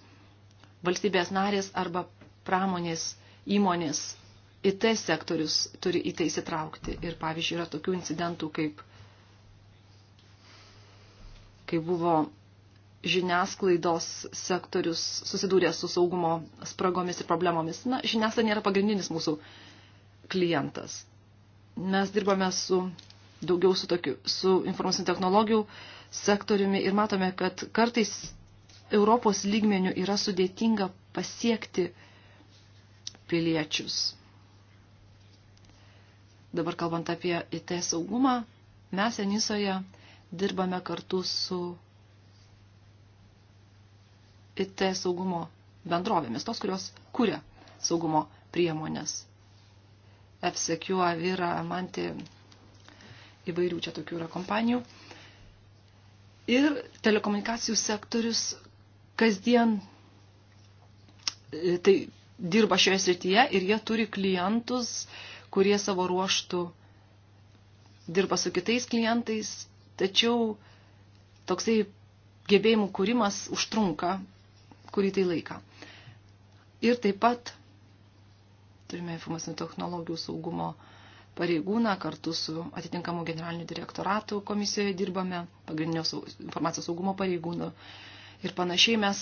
valstybės narės arba pramonės įmonės IT sektorius turi į tai įsitraukti. Ir pavyzdžiui, yra tokių incidentų kaip kai buvo žiniasklaidos sektorius susidūrė su saugumo spragomis ir problemomis. Na, žiniasklaida nėra pagrindinis mūsų klientas. Mes dirbame su daugiau su, tokiu, su informacinių technologijų sektoriumi ir matome, kad kartais Europos lygmenių yra sudėtinga pasiekti piliečius. Dabar kalbant apie IT saugumą, mes Enisoje dirbame kartu su IT saugumo bendrovėmis, tos, kurios kuria saugumo priemonės. FCQ, Avira, Amanti, įvairių čia tokių yra kompanijų. Ir telekomunikacijų sektorius kasdien e, tai dirba šioje srityje ir jie turi klientus, kurie savo ruoštų dirba su kitais klientais Tačiau toksai gebėjimų kūrimas užtrunka kurį tai laiką. Ir taip pat turime informacinių technologijų saugumo pareigūną, kartu su atitinkamu generaliniu direktoratu komisijoje dirbame, pagrindinio informacijos saugumo pareigūnų ir panašiai mes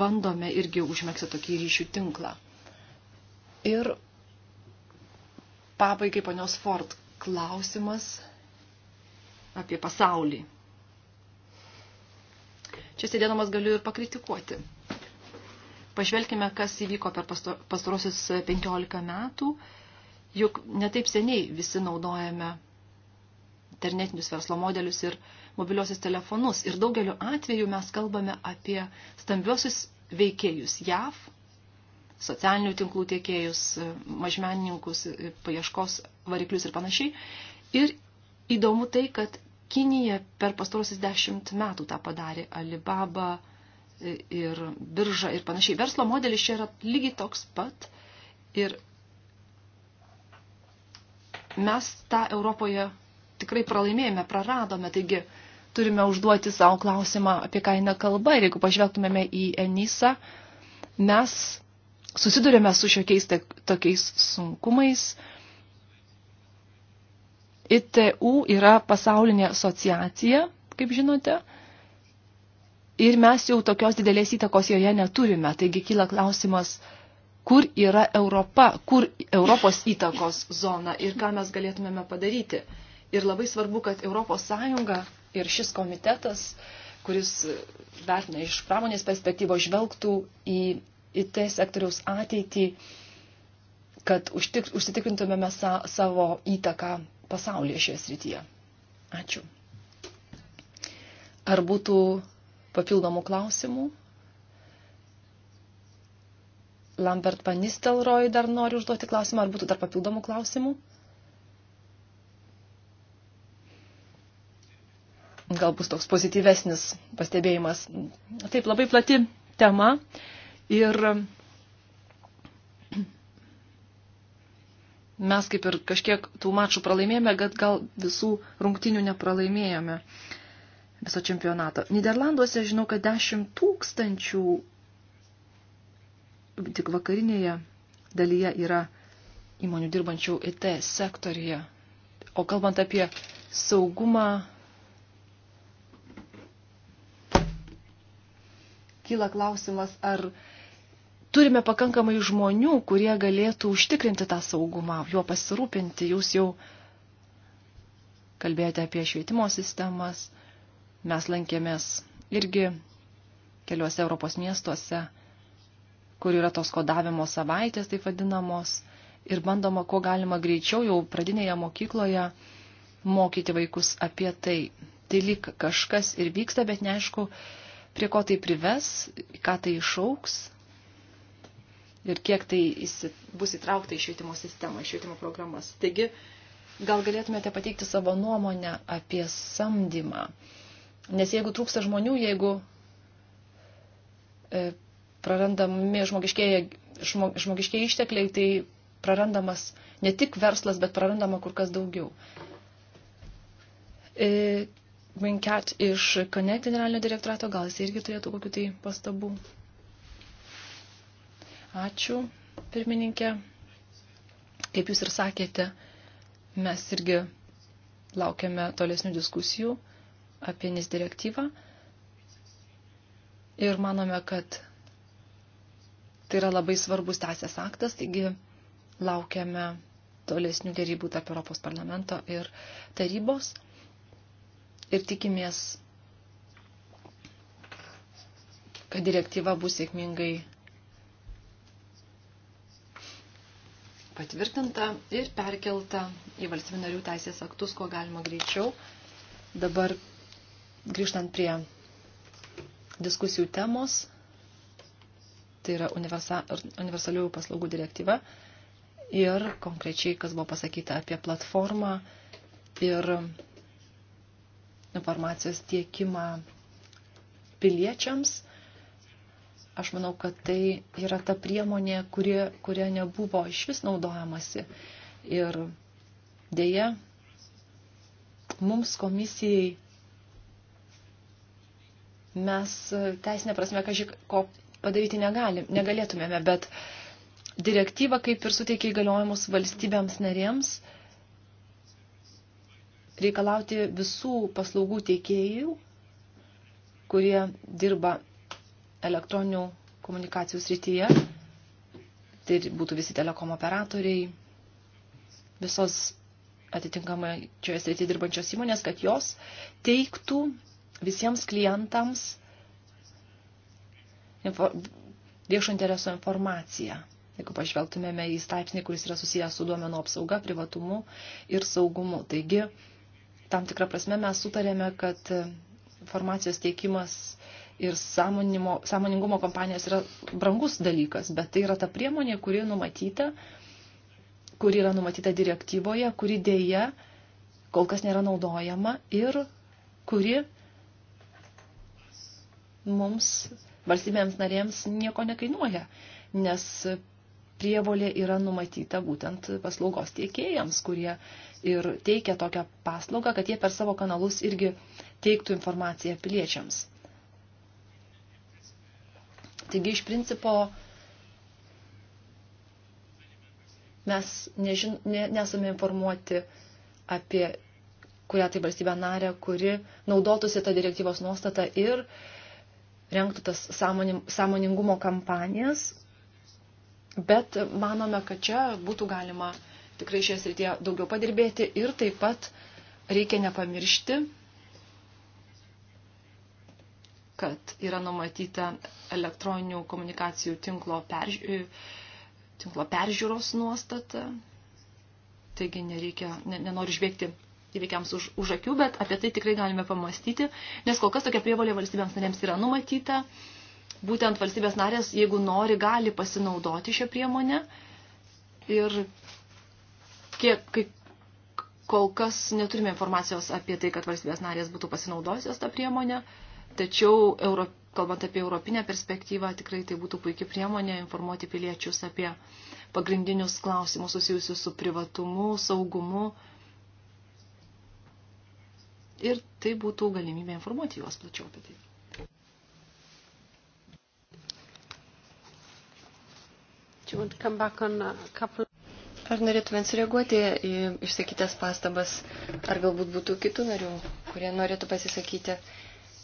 bandome irgi užmėgti tokį ryšių tinklą. Ir pabaigai panios Ford klausimas apie pasaulį. Čia sėdėdamas galiu ir pakritikuoti. Pažvelkime, kas įvyko per pastarosius 15 metų, juk netaip seniai visi naudojame internetinius verslo modelius ir mobiliosius telefonus. Ir daugeliu atveju mes kalbame apie stambiosius veikėjus JAV, socialinių tinklų tiekėjus, mažmenininkus, paieškos variklius ir panašiai. Ir įdomu tai, kad Kinija per pastarosius dešimt metų tą padarė Alibaba e, ir birža ir panašiai. Verslo modelis čia yra lygiai toks pat ir mes tą Europoje tikrai pralaimėjome, praradome, taigi turime užduoti savo klausimą, apie ką eina kalba ir jeigu pažvelgtumėme į Enisa, mes susidurėme su šiokiais tokiais sunkumais, ITU yra pasaulinė asociacija, kaip žinote, ir mes jau tokios didelės įtakos joje neturime. Taigi kyla klausimas, kur yra Europa, kur Europos įtakos zona ir ką mes galėtumėme padaryti. Ir labai svarbu, kad Europos Sąjunga ir šis komitetas, kuris vertina iš pramonės perspektyvos, žvelgtų į IT sektoriaus ateitį, kad užtikrintumėme sa savo įtaką pasaulyje šioje srityje. Ačiū. Ar būtų papildomų klausimų? Lambert Panistelroj dar nori užduoti klausimą, ar būtų dar papildomų klausimų? Gal bus toks pozityvesnis pastebėjimas. Taip, labai plati tema ir mes kaip ir kažkiek tų mačų pralaimėjome, bet gal visų rungtinių nepralaimėjome viso čempionato. Niderlanduose žinau, kad 10 tūkstančių tik vakarinėje dalyje yra įmonių dirbančių IT sektorija. O kalbant apie saugumą, kyla klausimas, ar turime pakankamai žmonių, kurie galėtų užtikrinti tą saugumą, juo pasirūpinti. Jūs jau kalbėjote apie švietimo sistemas, mes lankėmės irgi keliuose Europos miestuose, kur yra tos kodavimo savaitės, taip vadinamos, ir bandoma, ko galima greičiau jau pradinėje mokykloje mokyti vaikus apie tai. Tai lyg kažkas ir vyksta, bet neaišku, prie ko tai prives, ką tai išauks ir kiek tai bus įtraukta į švietimo sistemą, į švietimo programas. Taigi, gal galėtumėte pateikti savo nuomonę apie samdymą. Nes jeigu trūksta žmonių, jeigu e, prarandami žmogiškiai ištekliai, tai prarandamas ne tik verslas, bet prarandama kur kas daugiau. E, Wincat iš Connect generalinio direktorato, gal jis irgi turėtų kokiu tai pastabu. Ačiū, pirmininkė. Kaip jūs ir sakėte, mes irgi laukiame tolesnių diskusijų apie NIS direktyvą ir manome, kad tai yra labai svarbus teisės aktas, taigi laukiame tolesnių dėrybų tarp Europos parlamento ir tarybos ir tikimės, kad direktyva bus sėkmingai patvirtinta ir perkelta į valstybių narių teisės aktus, kuo galima greičiau. Dabar grįžtant prie diskusijų temos, tai yra universa, universaliųjų paslaugų direktyva ir konkrečiai, kas buvo pasakyta apie platformą ir informacijos tiekimą piliečiams Aš manau, kad tai yra ta priemonė, kurie, kurie nebuvo iš vis naudojamasi. Ir dėja, mums komisijai mes teisinė prasme kažkaip ko padaryti negalim, negalėtumėme, bet direktyva kaip ir suteikia įgaliojimus valstybėms narėms reikalauti visų paslaugų teikėjų, kurie dirba elektroninių komunikacijų srityje. Tai būtų visi telekom operatoriai, visos atitinkamai čioje srityje dirbančios įmonės, kad jos teiktų visiems klientams info, viešo intereso informaciją. Jeigu pažvelgtumėme į straipsnį, kuris yra susijęs su duomenų apsauga, privatumu ir saugumu. Taigi, tam tikrą prasme mes sutarėme, kad informacijos teikimas ir sąmoningumo kompanijos yra brangus dalykas, bet tai yra ta priemonė, kuri numatyta, kuri yra numatyta direktyvoje, kuri dėja kol kas nėra naudojama ir kuri mums valstybėms narėms nieko nekainuoja, nes prievolė yra numatyta būtent paslaugos tiekėjams, kurie ir teikia tokią paslaugą, kad jie per savo kanalus irgi teiktų informaciją piliečiams. Taigi iš principo mes nežin, ne, nesame informuoti apie kurią tai valstybę narę, kuri naudotųsi tą direktyvos nuostatą ir renktų tas sąmonim, sąmoningumo kampanijas. Bet manome, kad čia būtų galima tikrai šią srityje daugiau padirbėti ir taip pat reikia nepamiršti kad yra numatyta elektroninių komunikacijų tinklo, perži e, tinklo peržiūros nuostata. Taigi nereikia, ne, nenoriu žvėgti įvykiams už, už akių, bet apie tai tikrai galime pamastyti, nes kol kas tokia prievalė valstybėms narėms yra numatyta. Būtent valstybės narės, jeigu nori, gali pasinaudoti šią priemonę. Ir kiek, kai, kol kas neturime informacijos apie tai, kad valstybės narės būtų pasinaudojusios tą priemonę. Uh, Tačiau, Euro, kalbant apie europinę perspektyvą, tikrai tai būtų puikia priemonė informuoti piliečius apie pagrindinius klausimus susijusius su privatumu, saugumu. Ir tai būtų galimybė informuoti juos plačiau apie tai. Ar norėtumėt sureaguoti į išsakytas pastabas, ar galbūt būtų kitų narių, kurie norėtų pasisakyti?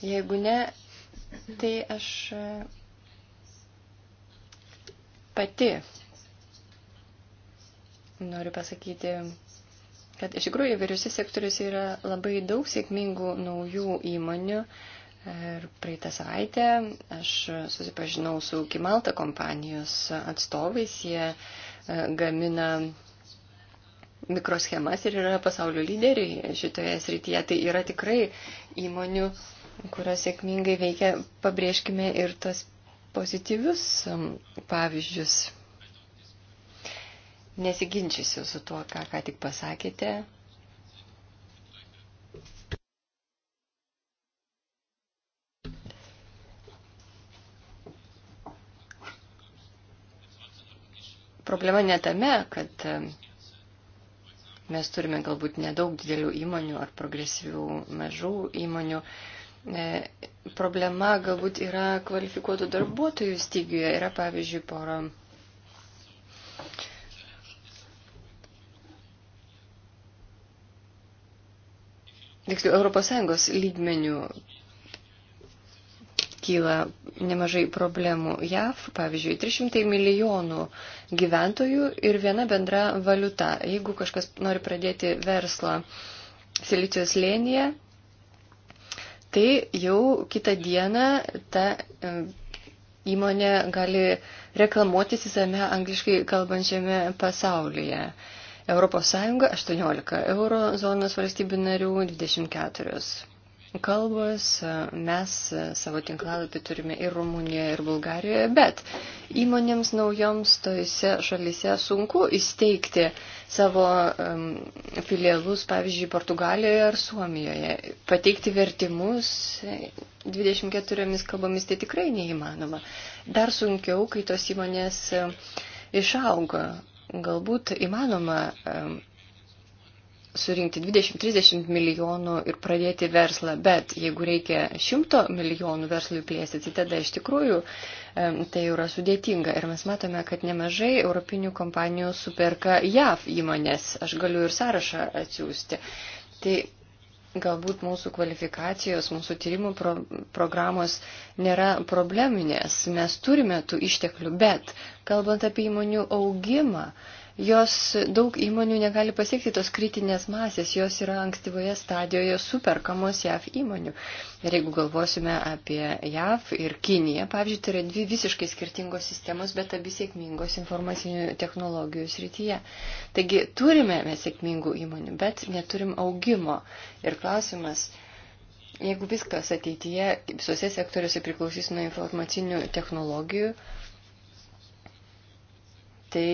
Jeigu ne, tai aš e, pati noriu pasakyti, kad iš tikrųjų įvairiuose sektoriuose yra labai daug sėkmingų naujų įmonių. Ir praeitą savaitę aš susipažinau su Kimalta kompanijos atstovais. Jie e, gamina mikroschemas ir yra pasaulio lyderiai šitoje srityje. Tai yra tikrai įmonių kurios sėkmingai veikia, pabrėžkime ir tas pozityvius um, pavyzdžius. Nesiginčysiu su tuo, ką ką tik pasakėte. problema ne tame, kad um, mes turime galbūt nedaug didelių įmonių ar progresyvių mažų įmonių, E, problema galbūt yra kvalifikuotų darbuotojų stygiuje. Yra, pavyzdžiui, pora tiksliau, ES lygmenių kyla nemažai problemų. JAV, pavyzdžiui, 300 milijonų gyventojų ir viena bendra valiuta. Jeigu kažkas nori pradėti verslą Silicijos lėnyje, tai jau kitą dieną ta įmonė gali reklamuotis visame angliškai kalbančiame pasaulyje. ES 18, euro zonos valstybių narių 24 kalbos. Mes savo tinklalapį turime ir Rumunijoje, ir Bulgarijoje, bet įmonėms naujoms tose šalyse sunku įsteigti savo um, filialus, pavyzdžiui, Portugalijoje ar Suomijoje. Pateikti vertimus 24 kalbomis tai tikrai neįmanoma. Dar sunkiau, kai tos įmonės išauga. Galbūt įmanoma. Um, surinkti 20-30 milijonų ir pradėti verslą, bet jeigu reikia 100 milijonų verslui plėsti, tai tada iš tikrųjų tai yra sudėtinga. Ir mes matome, kad nemažai europinių kompanijų superka JAV įmonės. Aš galiu ir sąrašą atsiųsti. Tai galbūt mūsų kvalifikacijos, mūsų tyrimų pro, programos nėra probleminės. Mes turime tų išteklių, bet kalbant apie įmonių augimą, jos daug įmonių negali pasiekti tos kritinės masės, jos yra ankstyvoje stadijoje superkamos JAV įmonių. Ir jeigu galvosime apie JAV ir Kiniją, pavyzdžiui, tai yra dvi visiškai skirtingos sistemos, bet abi sėkmingos informacinių technologijų srityje. Taigi turime mes sėkmingų įmonių, bet neturim augimo. Ir klausimas. Jeigu viskas ateityje visose sektoriuose priklausys nuo informacinių technologijų, tai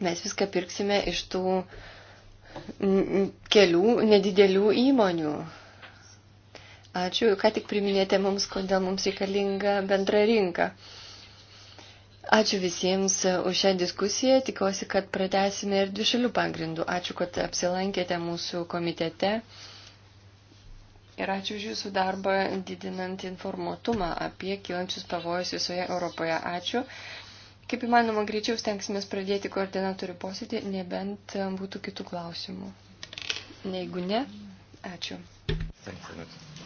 mes viską pirksime iš tų kelių nedidelių įmonių. Ačiū, ką tik priminėte mums, kodėl mums reikalinga bendra rinka. Ačiū visiems už šią diskusiją, tikiuosi, kad pratesime ir dvišalių pagrindų. Ačiū, kad apsilankėte mūsų komitete. Ir ačiū už jūsų darbą didinant informuotumą apie kilančius pavojus visoje Europoje. Ačiū. Kaip įmanoma greičiau stengsime pradėti koordinatorių posėdį, nebent e, būtų kitų klausimų. Neigu ne, ačiū. Thanks,